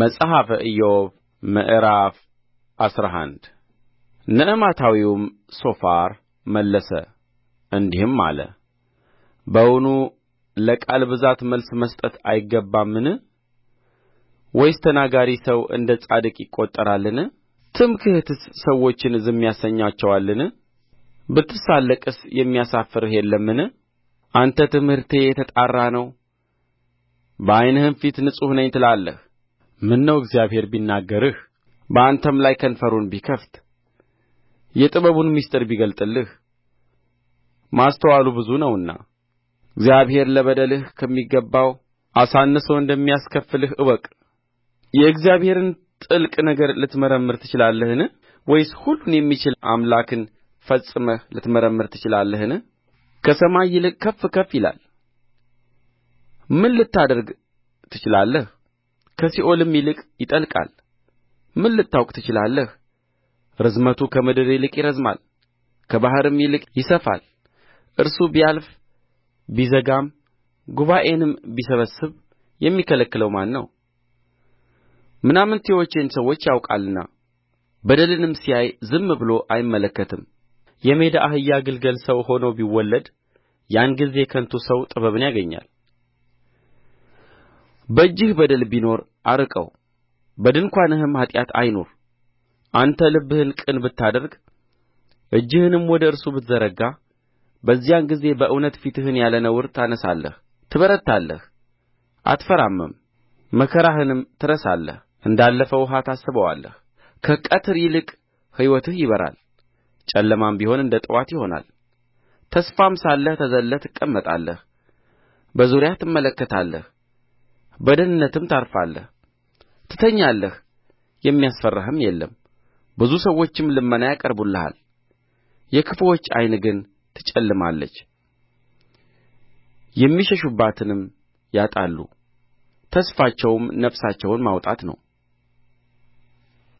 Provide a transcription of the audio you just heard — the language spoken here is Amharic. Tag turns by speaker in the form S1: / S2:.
S1: መጽሐፈ ኢዮብ ምዕራፍ አስራ አንድ ነዕማታዊውም ሶፋር መለሰ እንዲህም አለ በውኑ ለቃል ብዛት መልስ መስጠት አይገባምን? ወይስ ተናጋሪ ሰው እንደ ጻድቅ ይቈጠራልን? ትምክህትስ ሰዎችን ዝም ያሰኛቸዋልን? ብትሳለቅስ የሚያሳፍርህ የለምን? አንተ ትምህርቴ የተጣራ ነው፣ በዓይንህም ፊት ንጹሕ ነኝ ትላለህ ምነው እግዚአብሔር ቢናገርህ በአንተም ላይ ከንፈሩን ቢከፍት የጥበቡን ምሥጢር ቢገልጥልህ ማስተዋሉ ብዙ ነውና እግዚአብሔር ለበደልህ ከሚገባው አሳንሶ እንደሚያስከፍልህ እወቅ የእግዚአብሔርን ጥልቅ ነገር ልትመረምር ትችላለህን ወይስ ሁሉን የሚችል አምላክን ፈጽመህ ልትመረምር ትችላለህን ከሰማይ ይልቅ ከፍ ከፍ ይላል ምን ልታደርግ ትችላለህ ከሲኦልም ይልቅ ይጠልቃል ምን ልታውቅ ትችላለህ ርዝመቱ ከምድር ይልቅ ይረዝማል ከባሕርም ይልቅ ይሰፋል እርሱ ቢያልፍ ቢዘጋም ጉባኤንም ቢሰበስብ የሚከለክለው ማን ነው ምናምንቴዎችን ሰዎች ያውቃልና በደልንም ሲያይ ዝም ብሎ አይመለከትም የሜዳ አህያ ግልገል ሰው ሆኖ ቢወለድ ያን ጊዜ ከንቱ ሰው ጥበብን ያገኛል በእጅህ በደል ቢኖር አርቀው በድንኳንህም ኃጢአት አይኑር አንተ ልብህን ቅን ብታደርግ እጅህንም ወደ እርሱ ብትዘረጋ በዚያን ጊዜ በእውነት ፊትህን ያለ ነውር ታነሣለህ ትበረታለህ አትፈራምም መከራህንም ትረሳለህ እንዳለፈ ውኃ ታስበዋለህ ከቀትር ይልቅ ሕይወትህ ይበራል ጨለማም ቢሆን እንደ ጥዋት ይሆናል ተስፋም ሳለህ ተዘልለህ ትቀመጣለህ በዙሪያህ ትመለከታለህ በደኅንነትም ታርፋለህ ትተኛለህ የሚያስፈራህም የለም ብዙ ሰዎችም ልመና ያቀርቡልሃል የክፉዎች ዓይን ግን ትጨልማለች የሚሸሹባትንም ያጣሉ ተስፋቸውም ነፍሳቸውን ማውጣት ነው